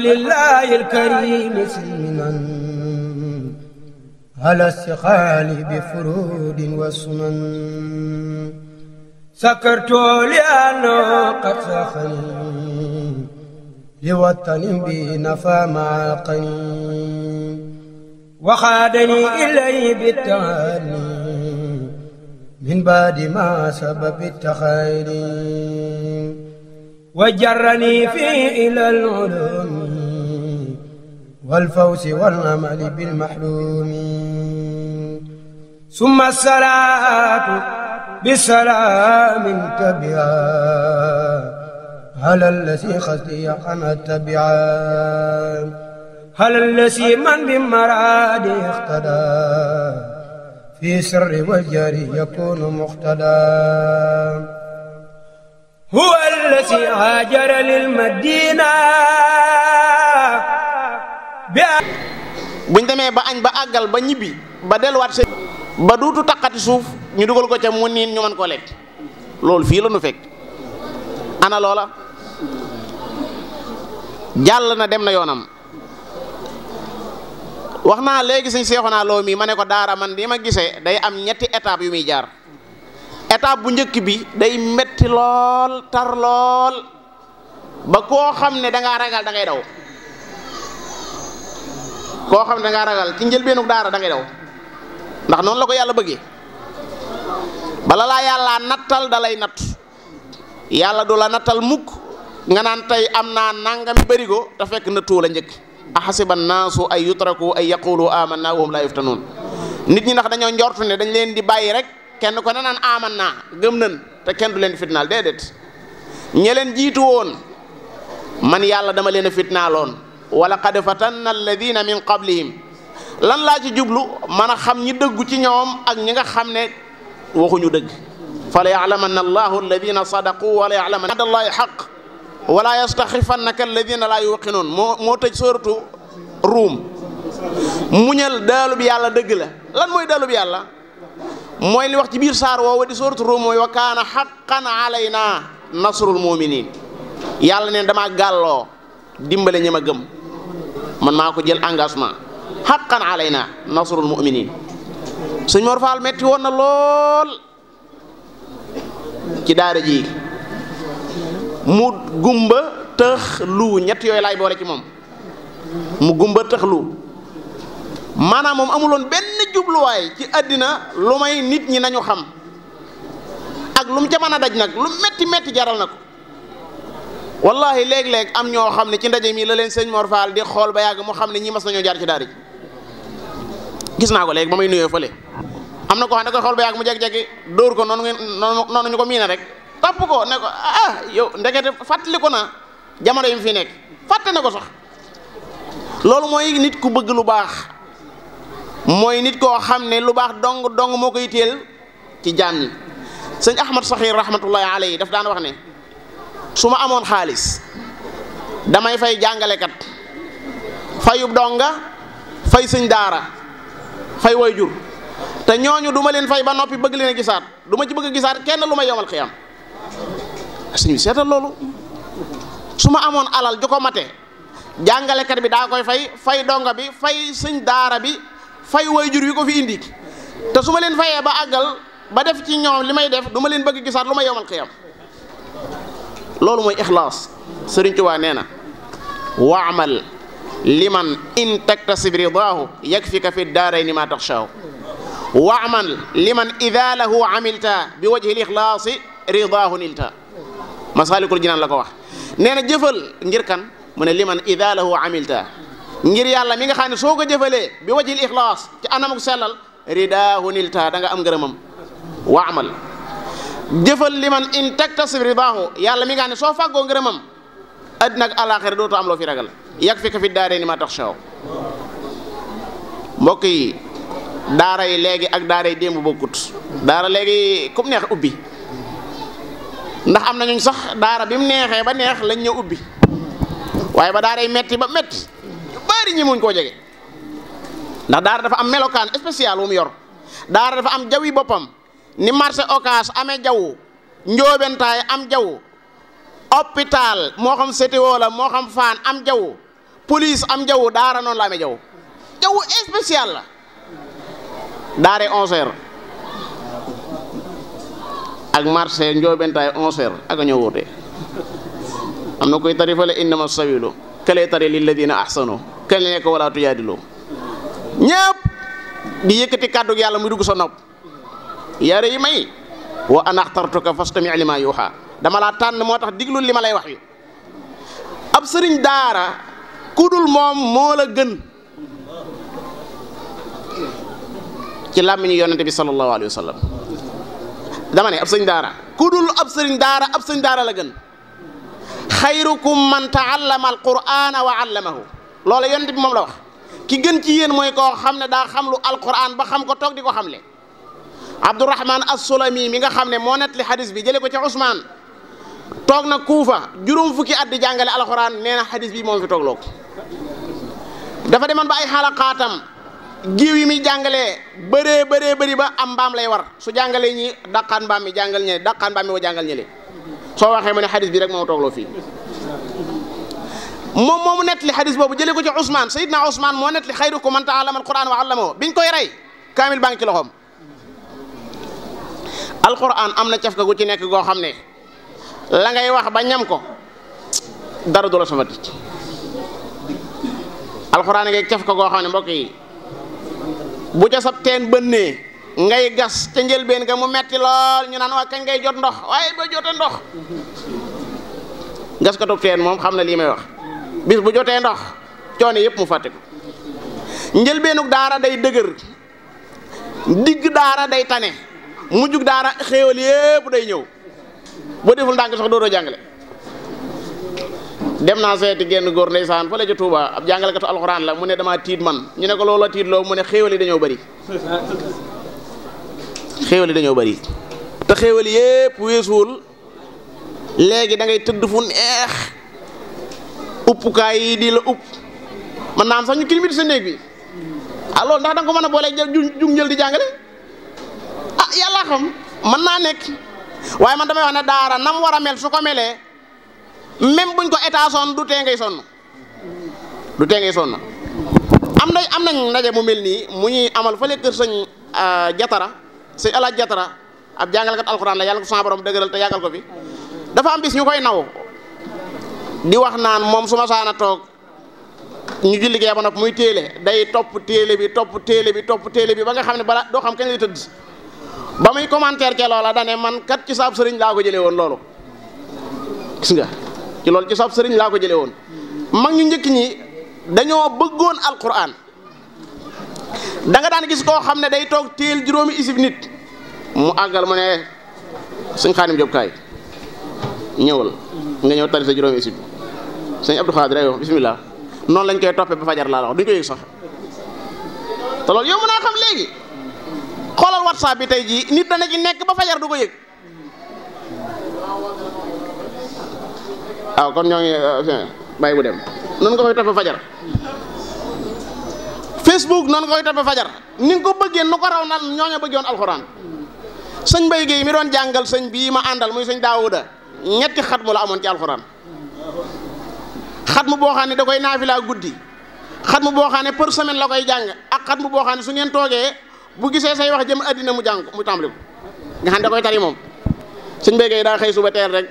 لله الكريم سلما على السخال بفرود وسنن سكرت لأنه قد سخن لوطن بي نفى مع القين وخادني إليه بالتعالي من بعد ما سبب التخيل وجرني فيه إلى العلوم والفوز والأمل بالمحلوم ثم الصلاة بسلام تبعا على الذي خزي قنا تبعا على الذي من بمراد اقتدى في سر والجري يكون مقتدى هو الذي هاجر للمدينه buñ demee ba añ ba àggal ba ñibbi ba delluwaat seen ba duutu taqati suuf ñu dugal ko ca mu niin ñu mën koo lekk loolu fii la nu fekk ana loola jàll na dem na yoonam wax naa léegi suñ seexonaa loo mii ma ne ko daara man di ma gisee day am ñetti étape yu muy jaar étape bu njëkk bi day metti lool tar lool ba koo xam ne dangaa ragal dangay daw koo xam ne da ragal ci njëlbeenu daara dangay ngay daw ndax noonu la ko yàlla bëgge bala laa yàllaa nattal dalay lay natt yàlla du la nattal mukk nga naan tey am na nangami bërigo te fekk nattu la njëkk ahasiba naasu ay yutraku ay yaqulu amanna wahum laa noonu nit ñi ndax dañoo njortu ne dañ leen di bàyyi rek kenn ko ne naan aman naa gëm nan te kenn du leen di fitnaal déedéet ñe leen jiitu woon man yàlla dama leen a fitnaaloon wala qad fatanna alladina min qablihim lan laa ci jublu man a xam ñi dëggu ci ñoom ak ñi nga xam ne waxuñu dëgg fa la yalamanna allahu alladina sadaqu wala yalaman adallahi xaq wala yastaxifannaka alladina laa yuqinuun moo moo tëj sóoratu ruum muñal daalub yàlla dëgg la lan mooy daalub yàlla mooy li wax ci biir saar woowa di sóoratu ruum mooy wa kaana xaqan alayna nasrul muminin yàlla ne dama gàlloo dimbale ñi ma gëm man maa ko jël engagement xaqan alayna nasrul muminin suñ Mor Fall metti woon na lool ci daara ji mu gumba tëx lu ñetti yooyu laay boole ci moom mu gumba tëx lu maanaam moom amuloon benn jubluwaay ci àddina lu may nit ñi nañu xam ak lu mu ca a daj nag lu metti metti jaral na ko wallahi léeg-léeg am ñoo xam ne ci ndaje mii la leen sëñ Mor Fall di xool ba yàgg mu xam ne ñi mas nañoo jaar ci daara ji gis naa ko léegi ba may nuyoo fële am na ko xam ne da koy mu jékki-jékki dóor ko noonu ngeen noonu ñu ko miina rek topp ko ne ko ah yow ndekete fàttali ko na jamono yi fi nekk fàtte ne ko sax loolu mooy nit ku bëgg lu baax mooy nit koo xam ne lu baax dong dong moo koy téel ci jaam ñi sëñ Ahmad Saxiir rahmatullahi alayhi daf daan wax ne su ma amoon xaalis damay fay jàngalekat fayu donga fay sëñ daara fay wayjur te ñooñu duma leen fay ba noppi bëgg leen a gisaat du ma ci bëgg gisaat kenn lu ma yomal xiyam suñu seetal loolu su ma amoon alal ju ko mate jàngalekat bi daa koy fay fay donga bi fay sëñ daara bi fay jur wi ko fi indi te su ma leen fayee ba àggal ba def ci ñoom li may def du leen bëgg gisaat lu ma yomal xiyam loolu mooy ixlaas Sëriñ Tuubaa nee na waamal liman in taktasib ridaahu yakfika fi daarayni ma taxshaahu waamal liman ida lahu amilta bi wajhi lixlaasi ridaahu nilta masaalikul jinaan la ko wax nee na jëfal ngir kan mu ne liman ida lahu amilta ngir yàlla mi nga xam ne soo ko jëfalee bi wajhi lixlaas ci anamuk sellal ridaahu nilta da nga am ngërëmam waamal jëfal li man in taktasib ridaahu yàlla mi nga xam ne soo fàggoo ngërëmam àddina ak alaaxira dootoo am loo fi ragal yàgg fi ka fi ni ma tax sew mbokk yi daara yi léegi ak daara yi démb bokkut daara léegi kum neex ubbi ndax am na ñuñ sax daara bi mu neexee ba neex lañ ñëw ubbi waaye ba daara yi metti ba metti bari ñi muñ koo jege ndax daara dafa am melokaan spécial wu yor daara dafa am jawi boppam. ni marché Ocass amee jaww njóobentaay am jaww hôpital moo xam CTO la moo xam faan am jaww police am jaww daara noonu la amee jaww jaww spécial la daare ak marché njóobentaay onze ak a ñoo wóotee am na koy tarifale innama sabilu këlee tari lilladina ahsanu kële nekk wala tuyaadilu ñëpp di yëkkati kàddu yàlla muy dugg sa nopp yare yi may wa ana axtartuka fastami lima yuuxa dama laa tànn moo tax diglu li ma lay wax yi ab sëriñ daara kudul moom moo la gën ci làmmiñu yonente bi sallallahu alayhi wa dama ne ab sëriñ daara kudul ab sëriñ daara ab sëriñ daara la gën xayrukum man taallama alqur'ana wa allamahu loola yonente bi moom la wax ki gën ci yéen mooy koo xam ne daa xam lu alqur'an ba xam ko toog di ko le abdourahman assulami mi nga xam ne moo nettali xadis bi jële ko ca ousmane toog na kuufa juróom fukki at di jàngale alxuraan nee na xadis bi moom fi toog loog ba ay xalaqaatam giiw yi muy jàngalee bëree ba am mbaam lay war su jàngalee ñi daqaan mi jàngal ñële daqaan mbaam jàngal ñële soo waxee mu ne xadis bi rek moo toogloo fii moom moomu nettali xadis boobu jële ko ci ousmane sayidna ousmane moo nettali xayrukum man taallama alquran wa allamahu biñ koy rey kaamil baa ci loxoom alquran am na cafka gu ci nekk goo xam ne la ngay wax ba ñam ko dara du la sama tic alxuraan ngeeg cafka goo yi bu ca ngay gas ca njëlbeen nga mu metti lool ñu naan waa kañ ngay jot ndox waaye ba jotee ndox gas katub teen moom xam na lii may wax bis bu jotee ndox coono yépp mu fàtte ko njëlbeenuk daara day dëgër digg daara day tane mujjug daara xéewal yépp day ñëw boo deful ndànk sax doo jàngale dem naa seeti genn góor ndeysaan fële ca Touba ab jàngalekatu alxuraan la mu ne damaa tiit man ñu ne ko loola tiit loo mu ne xéewal dañoo bëri xéewal dañoo bëri te xéewal yépp weesuwul léegi da ngay tëdd fu neex uppukaay yi di la upp man naam sax ñu climatisé sa néeg bi alors ah, ndax da nga ko mën a boolee jug njël di jàngale yàlla xam mën naa nekk waaye man damay wax ne daara nam war a mel su ko melee même buñ ko état sonn du tee ngay sonn du tee ngay sonn am na am nañ ndaje mu mel nii mu ñuy amal fële kër sëñ euh, jatara sëñ alaaj jatara ab jàngalkat alxuraan la yàlla ko sama borom dëgëral te dafa am bis ñu koy naw di wax naan moom su ma saana toog ñu julli liggéey ba nopp muy téele day topp téele bi topp téele bi topp téele bi ba nga xam ne bala doo xam kañ lay tëdd ba muy commentaire ke loola dane man kat ci saab sëriñ laa ko jële woon loolu gis nga ci loolu ci saab sëriñ laa ko jëlee woon mag ñu njëkk ñi dañoo bëggoon alquran da danga daan gis koo xam ne day toog téel juróomi isib nit mu àggal mu ne sëñ xaanim Jóob kaay ñëwal nga ñëw tari sa juróomi isib sëñ Abdou Xaadir bismillah noonu lañ koy toppee ba fajar laa la wax duñ ko yëg sax te loolu yow mën naa xam léegi xoolal whatsapp bi tey jii nit dana ci nekk ba fajar du ko yëg. kon ñoo ngi euh, bu dem noonu nga koy toppee fajar Facebook noonu nga koy toppee fajar ni ko bëggee nu ko raw na ñooñu bëggoon alxuraan sëñ Mbaye yi mi doon jàngal sëñ bii ma àndal muy sëñ Daawuda ñetti xat mu la amoon ci alxuraan xat mu boo xam ne da koy naafilaa guddi xat mu boo xam ne par semaine la koy jàng ak xat mu boo xam ne su ngeen toogee. bu gisee say wax jëm àddina mu jàng mu tàmbali ko nga xam da koy tari moom suñ béykat daa xëy suba teel rek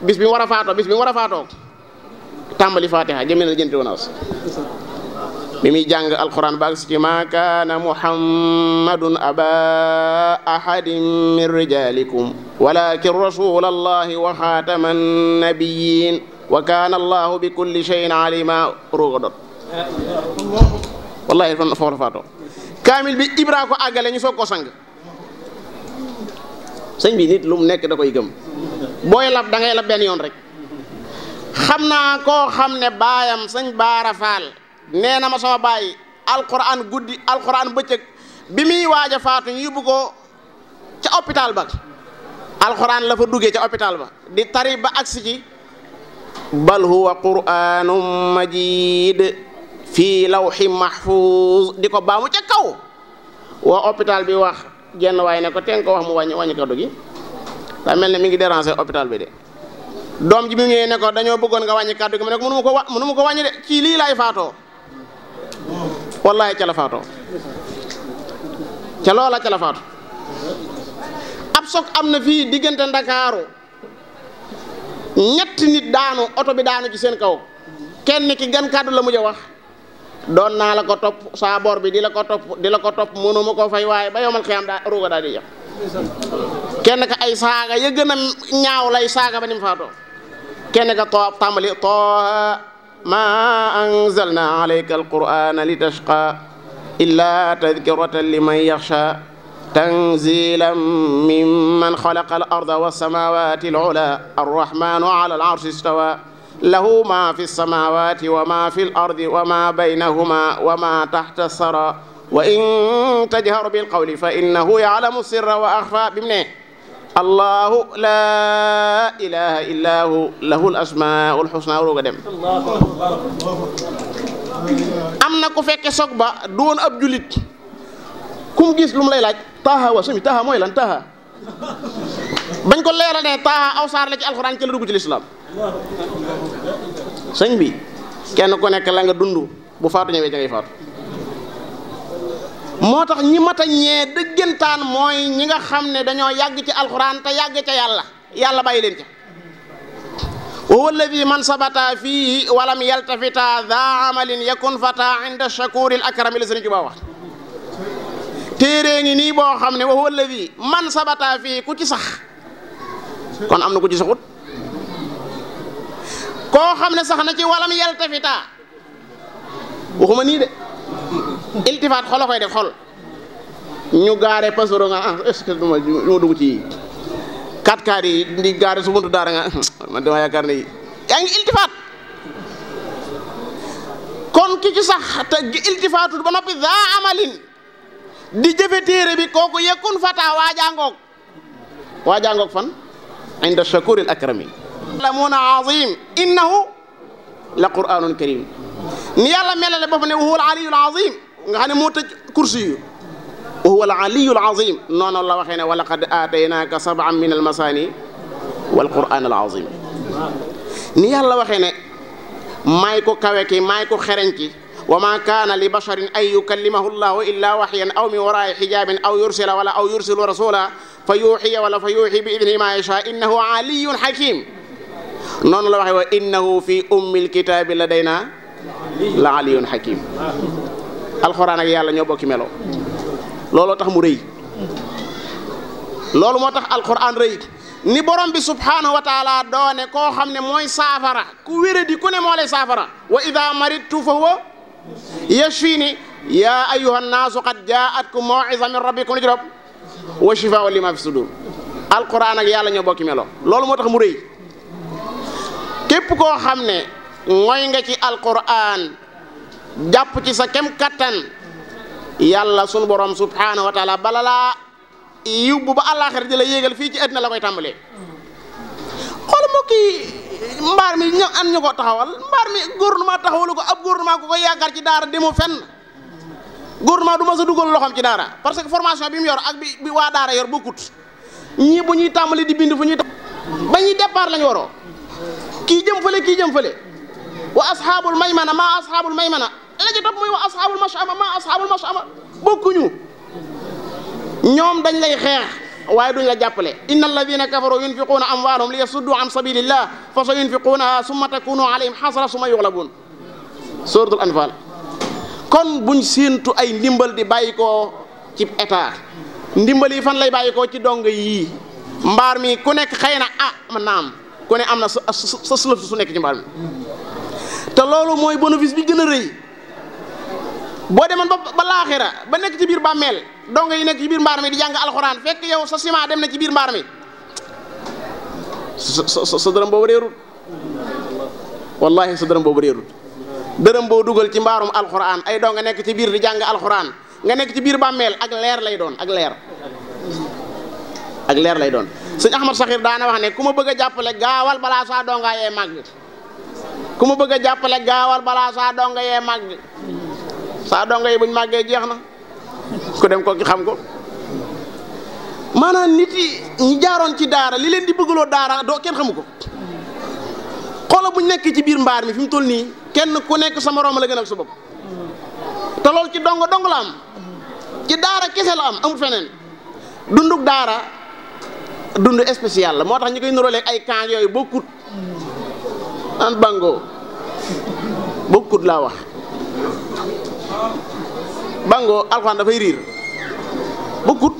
bis bi mu war a bis bi mu war a faatoo tàmbali fatiha jëmee na jënti wanaas bi muy jàng alquran ba agsi ma kaana muhammadun aba ahadin min rijalikum wallahi fan foofu kaamil bi ibra ko àggale ñu soog ko sang sëñ bi nit lu nekk da koy gëm booy lab da ngay benn yoon rek xam naa koo xam ne baayam sañ Baara Faal nee na ma sama baay alquran guddi alquran bëccëg bi muy waaj a faatu ñu yóbbu ko ca hôpital ba alquran la fa duggee ca hôpital ba di tari ba agsi ci bal huwa qur'anum fii law lawxi mahfuuz di ko baamu ca kaw waa hôpital bi wax genn waay ne ko teen ko wax mu wàññi wàññi kaddu gi daa mel ne mi ngi déranger hôpital bi de doom ji bi mu ñëwee ne dañoo bëggoon nga wàññi kaddu gi mu ne ko mënu ma ko ko wàññi de ci lii laay faatoo wallaay ca la faatoo ca loola am na fii diggante ndakaaru ñetti nit daanu oto bi daanu ci seen kaw kenn ki gan kàddu la mujj a wax doon naa la ko topp saaboor bi di la ko topp di la ko topp mënuma ko fay waaye ba yomal xiyam daa ruuga daal di yem kenn ka ay saaga ya gën a ñaaw lay saaga ba ni mu faatoo kenn ka too tàmbali tooha ma anzalna alayka alqur'ana litashqa illa tadkiratan liman yaxsha tanzilan mimman xalaqa al arda wa samawati al ula arrahmanu ala al arshi lahu ma fi samawati wa ma fi lardi wa ma baynahuma wa ma taxta sara wa in tajhar bilqawli fa innahu yaalamu sirra wa axfa bi mu ne allahu laa ilaha illa hu lahu l asmau lxusna roog a dem am na ku fekke soog ba doon ab julit kum gis lu mu lay laaj taaha wa sami taaha mooy lan taaha bañ ko leeral ne taaha aw saar la ci alxuraan ci la dugg ci lislaam sëñ bi kenn ku nekk la nga dund bu faatu ñëwee da ngay faatu moo tax ñi mat a ñee dëggantaan mooy ñi nga xam ne dañoo yàgg ci alxuraan te yàgg ca yàlla yàlla bàyyi leen ca wa huwa alladi man sabata fiihi walam yaltafita daa amalin yakun fata inda shakuril akrami la sëñ Tuubaa wax téerée ngi nii boo xam ne wa huwa alladi man sabata fiihi ku ci sax kon am na ku ci saxut koo xam ne sax na ci walam yaltafitaa waxuma nii de iltifaat xol a koy def xol ñu gaare pasoro nga ah est-ce que dugg ci kat kaar yi di gaare su buntu daara nga man dama yaakaar ne yaa ngi iltifaat kon ki ci sax te ba noppi daa amalin di jëfe téere bi kooku yekkun fata waajangoog waajangoog fan inda shakuril akrami lamuuna azim innahu la qur'anun karim ni yàlla melale boppam ne huwa al aliyul azim nga xam ne moo tëj kursi yu huwa al aliyul azim noonu la waxee ne wa laqad aataynaaka sab'an min al masaani wal qur'an al azim ni yàlla waxee ne maay ko kawe ki maay ko xereñ ki wa ma kaana li basharin an yukallimahu llahu illa waxyan aw min waraai xijabin aw yursila wala aw yursilu rasula fa yuuxiya wala fa yuuxi bi idnihi ma yasha innahu aliyun hakim noonu la waxee wa innahu fi ummil kitaabi la day naa la aliyun hakim alxuraan ak yàlla ñoo bokki melo looloo tax mu rëy loolu moo tax alxuraan rëy ni borom bi subhaanahu doone koo xam ne mooy saafara ku wéradi ku ne moo lay saafara wa ida maridtu fa huwa yashfini ya ayuha nnaasu qad jaatkum maw'iza min rabbikum wa shifaa'un lima fi sudur alxuraan yàlla ñoo bokki melo loolu moo tax mu rëy képp koo xam ne mooy nga ci alquran jàpp ci sa kem kattan yàlla sunu borom subhaanahu wa taala bala laa yiw bu ba àllaaxira di la yéegal fii ci àddina la koy tàmbalee xool moo kii mbaar mi ña an ñu ko taxawal mbaar mi gouvernement taxawalu ko ab gouvernement ku ko yaakaar ci daara demu fenn gouvernement du ma sa dugal loxoom ci daara parce que formation bi mu yor ak bi waa daara yor bokkut ñii bu ñuy tàmbali di bind fu ñuy ba ñuy départ lañu waroo kii jëm fële kii jëm fële wa asxaabul maymana maa asxaabul maymana la topp muy wa asxaabul mashama maa asxaabul mashama bokkuñu ñoom dañ lay xeex waaye duñ la jàppale inna alladina kafaru yunfiquuna amwaalahum li yasuddu an sabilillah fa sa yunfiquunaha summa takunu alayhim xasra summa yuxlabuun suratul anfal kon buñ séentu ay ndimbal di bàyyi koo ci état ndimbal fan lay bàyyi ci dong yii mbaar mi ku nekk xëy na ah ku am na sa sa sulaf su nekk ci mbaal mi te loolu mooy bénéfice bi gën a rëy boo demoon ba ba ba nekk ci biir bàmmeel dong yi nekk ci biir mbaar mi di jàng alxuraan fekk yow sa ciment dem na ci biir mbaar mi sa sa sa dërëm boobu réerut wallahi sa dërëm boobu réerut dërëm boo dugal ci mbaarum alxuraan ay dong nga nekk ci biir di jàng alxuraan nga nekk ci biir bàmmeel ak leer lay doon ak leer ak leer lay doon. sëñ Ahmad Saxir daana wax ne ku ma bëgg a jàppale gaawal balaa saa dongaa yee màgg ma bëgg a jàppale gaawal balaa saa donga yee yi buñ màggee jeex na ku dem ko xam ko maanaam nit yi ñi jaaroon ci daara li leen di bëggaloo daara doo kenn xamu ko xoola bu nekk ci biir mbaar mi fi mu toll nii kenn ku nekk sama morom la gën ak sa bopp te ci dong dong la am ci daara kese la am amul feneen dunduk daara dund spécial la moo tax ñu koy nuróoleeg ay camp yooyu bokkut an bango bokkut laa wax bango alxuraan dafay riir bokkut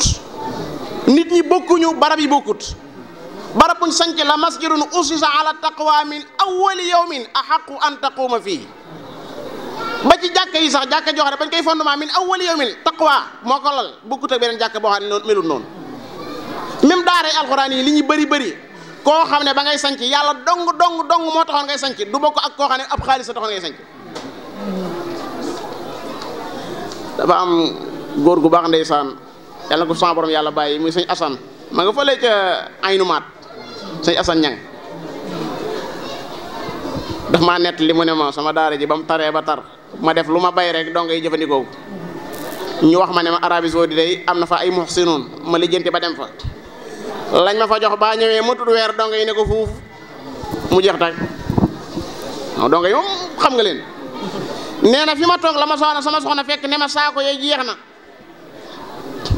nit ñi bokkuñu barab yi bokkut barab buñ sanc la masjidun usisa ala taqwa min awwali yawmin ahaqu an taquma fii ba ci jàkka yi sax jàkka joo xam ne bañ koy fondement min awwali yawmin taqwa moo ko lal bokkut ak beneen jàkka boo xam ne noonu melul noonu daara alxuraan yi li ñu bëri bëri koo xam ne ba ngay sanc yàlla dong dong dong moo taxoon ngay sanc du bokk ak koo xam ne xaalis a taxoon ngay sanc dafa am góor gu baax ndeysaan yàlla ko sama borom yàlla bàyyi muy sëñ Assane ma nga fële ca Aynu Maat sëñ Assane ñang maa nett li mu ne ma sama daara ji ba mu taree ba tar ma def lu ma bay rek dong ngay jëfandikoo ñu wax ma ne ma Arabie Saoudite day am na fa ay muhsinun ma lijjanti ba dem fa lañ ma fa jox baa ñëwee mu tudd weer donga yi ne ko fuuf mu jeex tag waaw donga yi moom xam nga leen nee na fi ma toog la ma soxna sama soxna fekk ne ma saako yooyu jeex na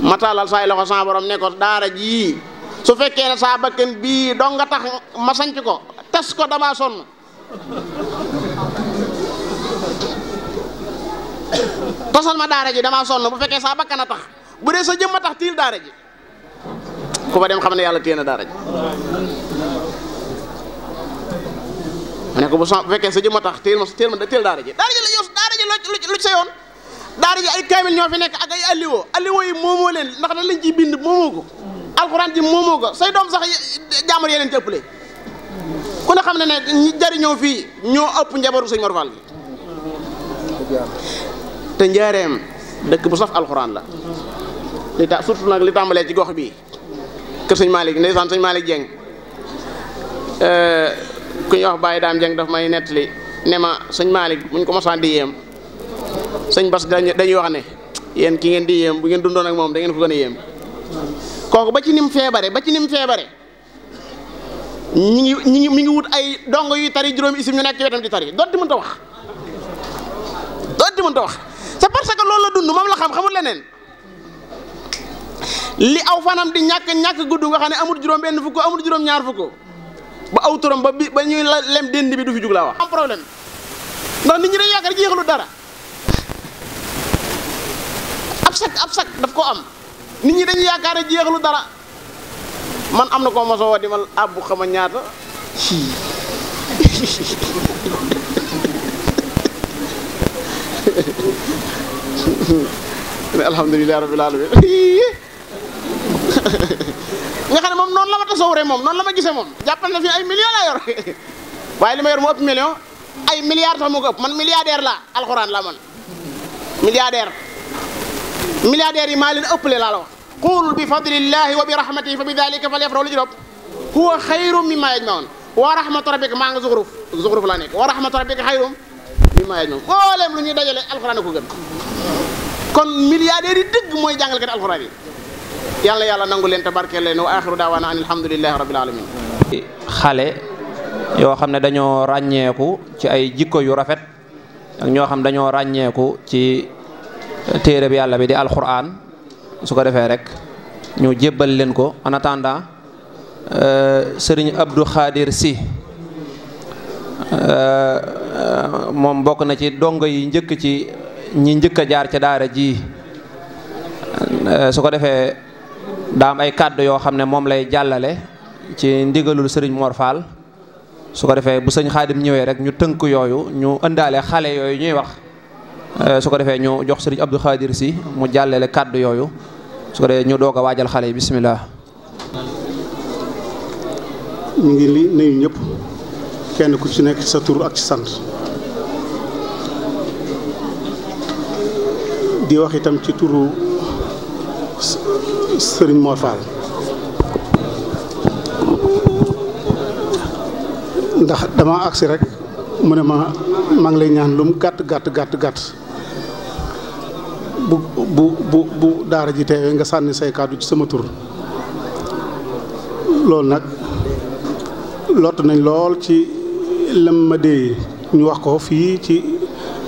ma tàllal saay loxo sama borom ne daara jii su fekkee ne saa bakkan bii dong tax ma sanc ko tas ko damaa sonn tasal ma daara ji damaa sonn bu fekkee saa bakkan a tax bu dee sa jëmm a tax tiil daara ji ku fa dem xam ne yàlla téye na daara ji mu ne ko bu so fekkee sa jëmm a tax téel ma téel ma daara ji daara ji la sa yoon daara ji ay kaamil ñoo fi nekk ak ay alliwo alliwo yi moomoo leen ndax dañ lañ ciy bind moomoo ko alxuraan ji moomoo ko say doom sax jaamar yee leen ci ëppale ku ne xam ne ne jariñoo fii ñoo ëpp njabootu sëñ Mor bi te njaareem dëkk bu saf alxuraan la li ta surtout nag li tàmbalee ci gox bii kër sëñ Malick ndeysaan sëñ Malick Dieng euh, ku ñuy wax Baye Dame Dieng daf may nettali ne ma sëñ Malick buñ ko mosaan di yéem sëñ Bas dañuy wax ne yéen ki ngeen di yéem bu ngeen dundoon ak moom da ngeen ko gën a yéem kooku ba ci nim feebare ba ci nim feebare ñi ngi mu ngi mi ngi wut ay dong yuy tari juróomi isim ñu nekk ci wetam di tari doot di mënta wax doot di mënta wax c'est parce que loolu la dund moom la xam xamul leneen li aw fanam di ñàkk ñàkk gudd nga xam ne amul juróom benn fukk amul juróom ñaar fukk ba aw turam ba bi ba ñuy lem dend bi du fi jug wax. am problème ndax nit ñi dañuy yaakaar jeexalu dara ab sag ab sag daf ko am nit ñi dañuy yaakaar jeexalu dara man am na ko mosoo woo di ma àbbu xama ñaata. alhamdulilah rabbil alamin nga xam ne moom noonu la ma tasawuree moom noonu la ma gisee moom jàppal na fi ay millions laa yor waaye li ma yor moo ëpp million ay milliards sax moo ko ëpp man milliardaire laa alxuraan laa man milliardaire milliardaires yi maa leen ëppale laa la wax qul bi fadlillahi wa bi rahmatihi fa bi dalika falyafrahu li ci topp huwa xayrum mimma yajmaun wa rahmatu rabbika maa nga zuxruf zuxruf laa nekk wa rahmatu rabbika xayrum mimma yajmaun mbooleem lu ñuy dajale alxuraan ko gën kon milliardaires yàlla yàlla nangu leen te barkeel leen wa axiru daawaana an alhamdulillahi rabbil alamin xale yoo xam ne dañoo ràññeeku ci ay jikko yu rafet ak ñoo xam dañoo ràññeeku ci téere bi yàlla bi di alquran su ko defee rek ñu jébbal leen ko en attendant euh, sëriñ Abdou Khadir si euh, moom bokk na ci dongo yi njëkk ci ñi njëkk a jaar ca daara ji euh, su ko defee daa am ay kàddu yoo xam ne moom lay jàllale ci ndigalul sëriñ Mor Fall su ko defee bu sëñ xaadim ñëwee rek ñu tënk yooyu ñu indaale xale yooyu ñuy wax euh, su ko defee ñu jox sëriñ Abdou Khadir si mu jàllale kàddu yooyu su ko defee ñu doog a waajal xale yi bisimilah. mu ngi li nuyu ñëpp kenn ku ci nekk sa tur ak sant di wax itam ci turu. Serigne Mor ndax dama agsi rek mu ne ma maa ngi lay ñaan lum gàtt gàtt gàtt gàtt bu bu bu daara ji teewee nga sànni say kàddu ci sama tur loolu nag lott nañ lool ci lam ma dee ñu wax ko fii ci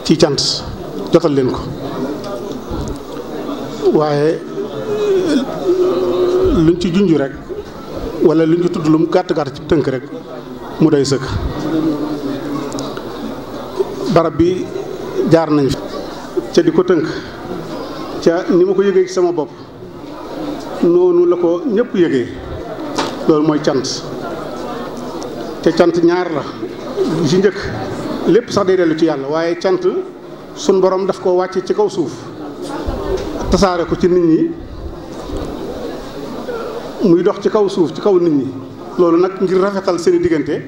ci cant jotal leen ko waaye ñu ci junj rek wala luñ ci tudd lu mu gàtt gàtt ci tënk rek mu doy sëkk barab bi jaar nañu fi ca di ko tënk ca ni ma ko yëgee ci sama bopp noonu la ko ñëpp yëgee loolu mooy cant te cant ñaar la ci njëkk lépp sax day dellu ci yàlla waaye cant sun borom daf koo wàcce ci kaw suuf tasaare ko ci nit ñi muy dox ci kaw suuf ci kaw nit ñi loolu nag ngir rafetal seeni diggante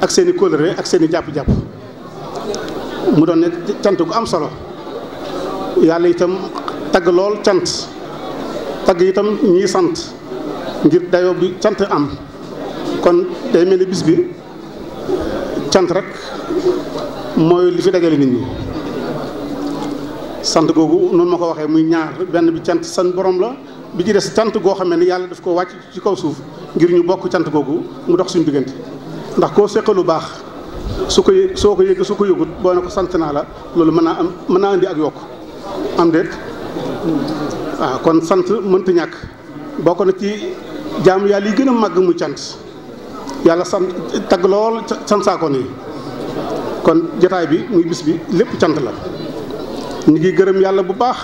ak seeni i ak seeni i jàpp-jàpp mu doon ne cant gu am solo yàlla itam tagg lool cant tagg itam ñiy sant ngir dayo bi cant am kon day mel ni bis bi cant rek mooy li fi dajale nit ñi sant googu noonu ma ko waxee muy ñaar benn bi cant san boroom la bi ci des cant goo xam ne yàlla daf ko wàcc ci kaw suuf ngir ñu bokk cant googu mu dox suñu diggante ndax koo seqal lu baax su ko yë soo ko yëg su ko yëgut boo ne ko sant naa la loolu mën naa am mën naa indi ak yokk am déet kon sant mënta ñàkk bokk na ci jaamu yàlla yi gën a màgg mu cant yàlla sant tag lool sant saako nii kon jataay bi muy bis bi lépp cant la ñu ngi gërëm yàlla bu baax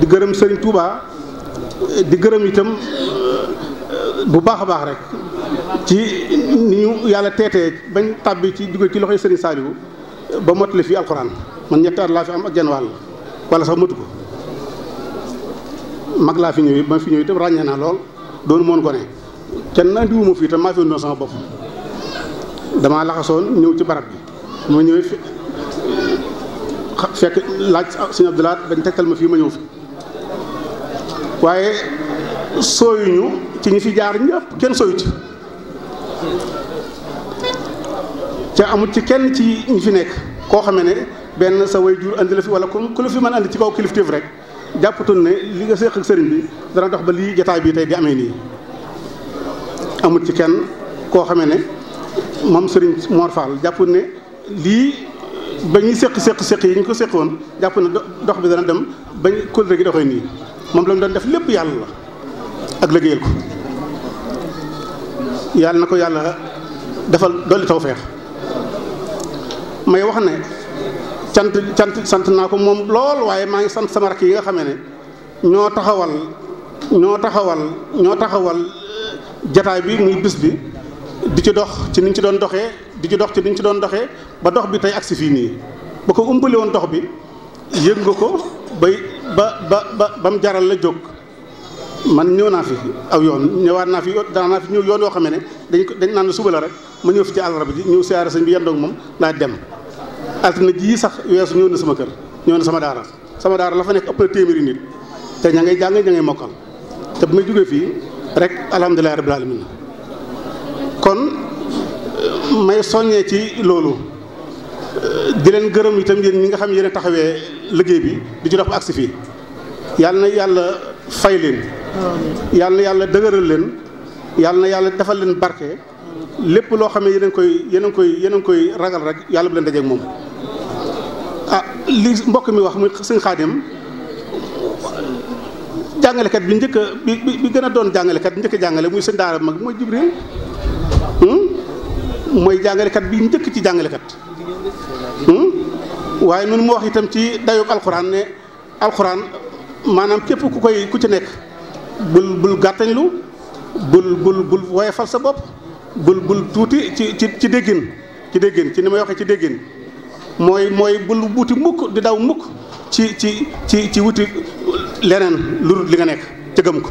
di gërëm Serigne Touba. di gërëm itam euh, bu baax a baax rek ci ni ñu yàlla teetee bañ tàbbi ci dugg ci loxoy Serigne Saliou ba mottali fii alxuraan man ñetti at laa fi am ak genn wàll wala sax motu ko mag laa fi ñëw ñëwee ba fi ñëwee itam ràññee naa lool doon moon ko ne kenn andiwuma fii itam maa fi woon sama damaa laxasoon ñëw ci barab bi ma ñëwee fekk laaj sëñ Abdoulaat bañ tegtal ma fii ma ñëw fi waaye sooyuñu ci ñi fi jaar ñëpp kenn sooyu ci amut ci kenn ci ñi fi nekk koo xamee ne benn sa way jur andi fi wala ku la fi mën andi ci kaw kilifteef rek jàppatul ne li nga séq sëriñ bi dana dox ba lii jotaay bii tey amee nii amut ci kenn koo xamee ne moom sëriñ Mor Fall jàpp ne lii ba ñuy séq séq séq yi ñu ko séqoon jàpp ne dox bi dana dem bañ kóllëre gi doxee nii moom la doon def lépp yàlla la ak liggéeyal ko yàlla na ko yàlla defal dolli feex may wax ne cant cant sant naa ko moom lool waaye maa ngi sant sama rakk yi nga xamee ne ñoo taxawal ñoo taxawal ñoo taxawal jataay bi muy bis bi di ci dox ci niñ ci doon doxee di ci dox ci niñ ci doon doxe ba dox bi tey agsi fii nii ba ko umbali dox bi yëg nga ko bay ba ba ba ba mu jaral la jóg man ñëw naa fi aw yoon ñëwaat naa fi yoon daan fi ñëw yoon yoo xam ne dañ dañ naan suba la rek ma ñëw fi ci àllarba ji ñëw siyaare sëñ bi yendoog moom laa dem altine ji sax weesu ñëw na sama kër ñëw na sama daara sama daara la fa nekk ëpp na téeméeri nit te ña ngay jàng ña ngay mokkal te bu may jógee fii rek alhamdulilah rabbil alamin kon may soññee ci loolu di leen gërëm itam yéen ñi nga xam yéen a taxawee liggéey bi di ci dox agsi fii yàlla na yàlla fay leen yàlla yàlla dëgëral leen yàlla na yàlla defal leen barke lépp loo xam ne yeneen koy yeneen koy yeneen koy ragal rek yàlla bu leen dajeeg moom ah li mbokk mi wax muy sëñ Xaadim jàngalekat bi njëkk a bi gën a doon jàngalekat njëkk jàngale muy sëñ daara mag mooy Jibril hmm? mooy jàngalekat bi njëkk ci jàngalekat hmm? waaye nun mu wax itam ci dayug alxuraan ne alxuraan maanaam képp ku koy ku ci nekk bul bul gàttañlu bul bul bul woyofal sa bopp bul bul tuuti ci ci ci déggin ci déggin ci ni may waxee ci déggin mooy mooy bul wuti mukk di daw mukk ci ci ci ci wuti leneen lu dul li nga nekk te gëm ko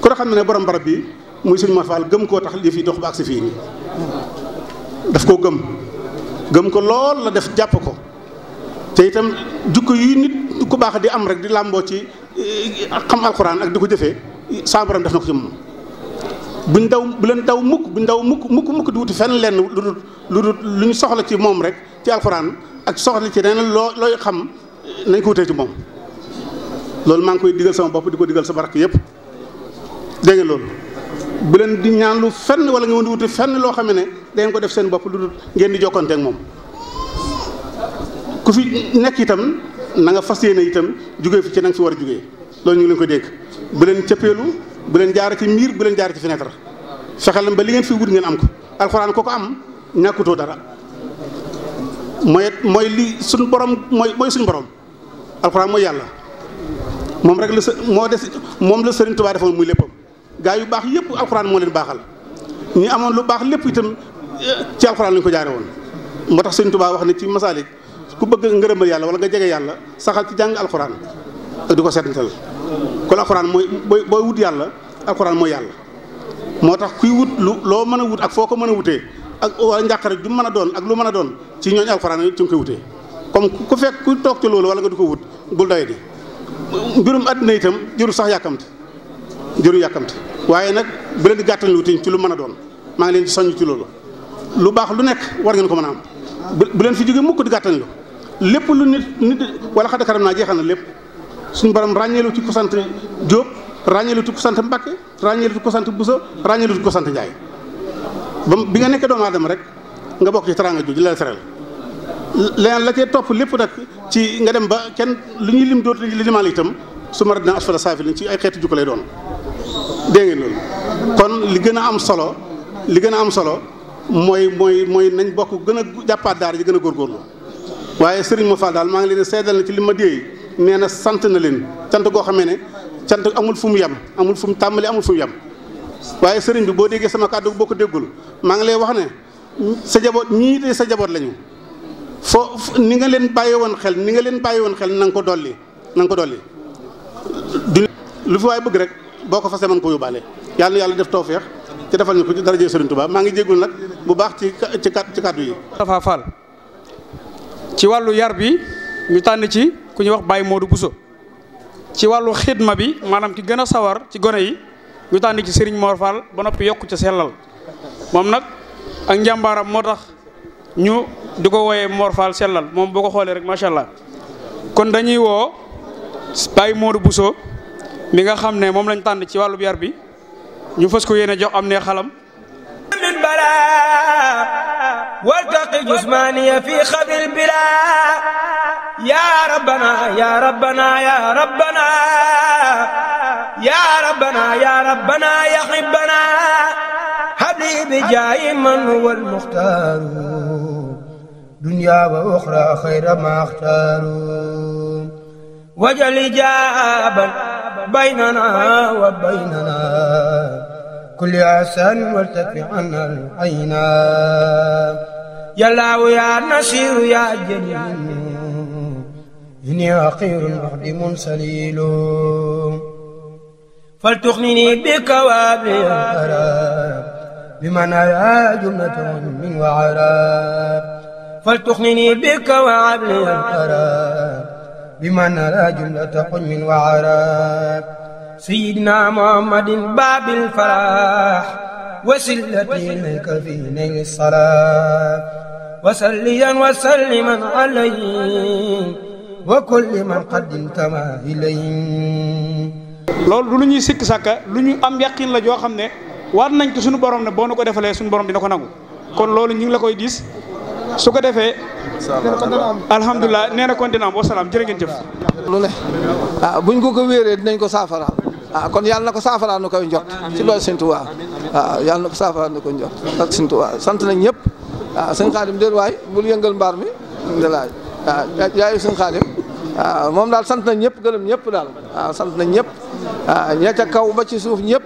ku ne xam ne borom barab bi muy sëñ ma faal gëm koo tax li fi dox ba ak fii nii daf koo gëm gëm ko lool la def jàpp ko te itam jukko yi nit ku baax di am rek di làmboo ci eh, xam alxuraan ak di ko jëfee saa borom def na ko ci moom buñ daw bu leen daw mukk buñ daw mukk mukk mukk di wuti fenn lenn lu dul lu dul lu ñu soxla ci moom rek ci ak soxla ci leneen loo looy xam eh, nañ ko wutee ci moom loolu maa ngi koy digal sama bopp di ko digal sama rakk yëpp dégg nga loolu bu leen di ñaan lu fenn wala nga won di wuti fenn loo xam ne dangeen ko def seen bopp lu dul ngeen di jokkonteek moom ku fi nekk itam na nga fas yéene itam jóge fi ci na nga fi war a jugee loolu ñu ngi leen ko dégg bu leen cëppeelu bu leen jaar ci miir bu leen jaar ci fenêtre fexe leen ba li ngeen fi wut ngeen am ko alxuraan ko am ñàkkutoo dara mooy mooy li suñ borom mooy mooy suñu borom alxuraan mooy yàlla moom rek la sa moo des moom la Sëriñ Tuubaa defoon muy léppam yu baax yëpp alxuraan moo leen baaxal ñu amoon lu baax lépp itam eh, ci alxuraan ko jaare woon moo tax Sëriñ Tuubaa wax ne ci masaalik ku bëgg ngërëmal yàlla wala nga jege yàlla saxal ci jàng alxuraan te di ko seetantal kon alxuraan mooy booy booy wut yàlla alxuraan mooy yàlla moo tax kuy wut lu loo mën a wut ak foo ko mën a wutee ak wala njàqare ju mën a doon ak lu mën a doon ci ñooñ alxuraan ci nga koy wutee comme ku fekk ku toog ci wala nga di ko wut bul doy di mbirum àddina itam jëru sax yàkkamte jëru yàkkamte waaye nag bu di gàttal wuti ci lu mën a doon maa ngi leen ci loolu lu baax lu nekk war ngeen ko mën a am bu leen fi jógee mukk di gàttal lépp lu nit nit wala xadda karam naa jeexal na lépp suñu borom ràññeelu ci ko sant Jóob ràññeelu ci ko sant ràññeelu ci ko sant Buso ràññeelu ci ko sant Njaay ba bi nga nekkee doomu aadama rek nga bokk ci teraanga ji la teral leneen la cee topp lépp nag ci nga dem ba kenn lu ñuy lim dootu li limaale itam su ma dina asfala saafilin ci ay xeetu jukko lay doon dégg ngeen loolu kon li gën a am solo li gën a am solo mooy mooy mooy nañ bokk gën a jàppaat daara ji gën a góorgóorlu waaye Serigne Moussa daal maa ngi leen di na ci li ma déey nee na sant na leen cant goo xamee ne cant amul fu mu yem amul fu mu tàmbali amul fu mu yem. waaye sëriñ bi boo déggee sama kàddu boo ko déggul maa ngi lay wax ne sa jaboot ñii de sa jaboot lañu foo ni nga leen bàyyi woon xel ni nga leen bàyyi woon xel na nga ko dolli na ko dolli. du lu fi waaye bëgg rek boo ko fasee mën ko yóbbaale yàlla na yàlla def tawfeex ci defal ñu ko ci daraja Serigne Touba maa ngi jéggul nag bu baax ci ci kàddu yi. Moustapha ci wàllu yar bi ñu tànn ci ku ñuy wax Baye Modou buso ci wàllu xidma bi maanaam ki gën a sawar ci gone yi ñu tànn ci Serigne Mor ba noppi yokku ca sellal moom nag ak njàmbaaram moo tax ñu di ko wooyee Mor sellal moom boo ko xoolee rek macha allah kon dañuy woo Baye Modou Bousso mi nga xam ne moom lañ tànn ci wàllu yar bi ñu fës ko yéene jox am ne xalam. والتقي جسماني في خبر بلا يا ربنا يا ربنا يا ربنا يا ربنا يا ربنا يا حبنا هبلي بجاي من هو المختار دنيا وأخرى خير ما اختاروا وجل جابا بيننا وبيننا kulli asan wartafi anal ayna yallaahu yaa nasiiru yaa jaliilu inni aqiirun muxdimun saliilu fal tuxnini bi kawaabi arab bi man araa jumlatan min wa arab fal tuxnini bi kawaabi arab bi man araa jumlatan min wa arab سيدنا محمد باب الفرح وسلتي إليك في نيل الصلاة وسليا وسلما عليه وكل من قدمتما إليه loolu du lu ñuy sikk sàkka lu ñuy am yàqin la joo xam ne war nañ ko sunu borom ne boo nu ko defalee suñu borom dina ko nangu kon loolu ñu ngi la koy diis su ko defee. alhamdulilah nee na kon dina am wasalaam jërë jëf. lu ne ah buñ ko ko wéeree dinañ ko saafara ah kon yàlla na ko saafaraan nu koy njot ci loolu sëñ Tuubaa waaw ah, yàlla na ko saafaraan nu koy njot ak sëñ Tuubaa sant nañ ñëpp waaw ah, sëñ Xaadim déet waay bul yëngal mbaar mi de laaj waaw moom daal sant nañ ñëpp gërëm ñëpp daal ah, sant nañ ñëpp waaw kaw ba suuf ñëpp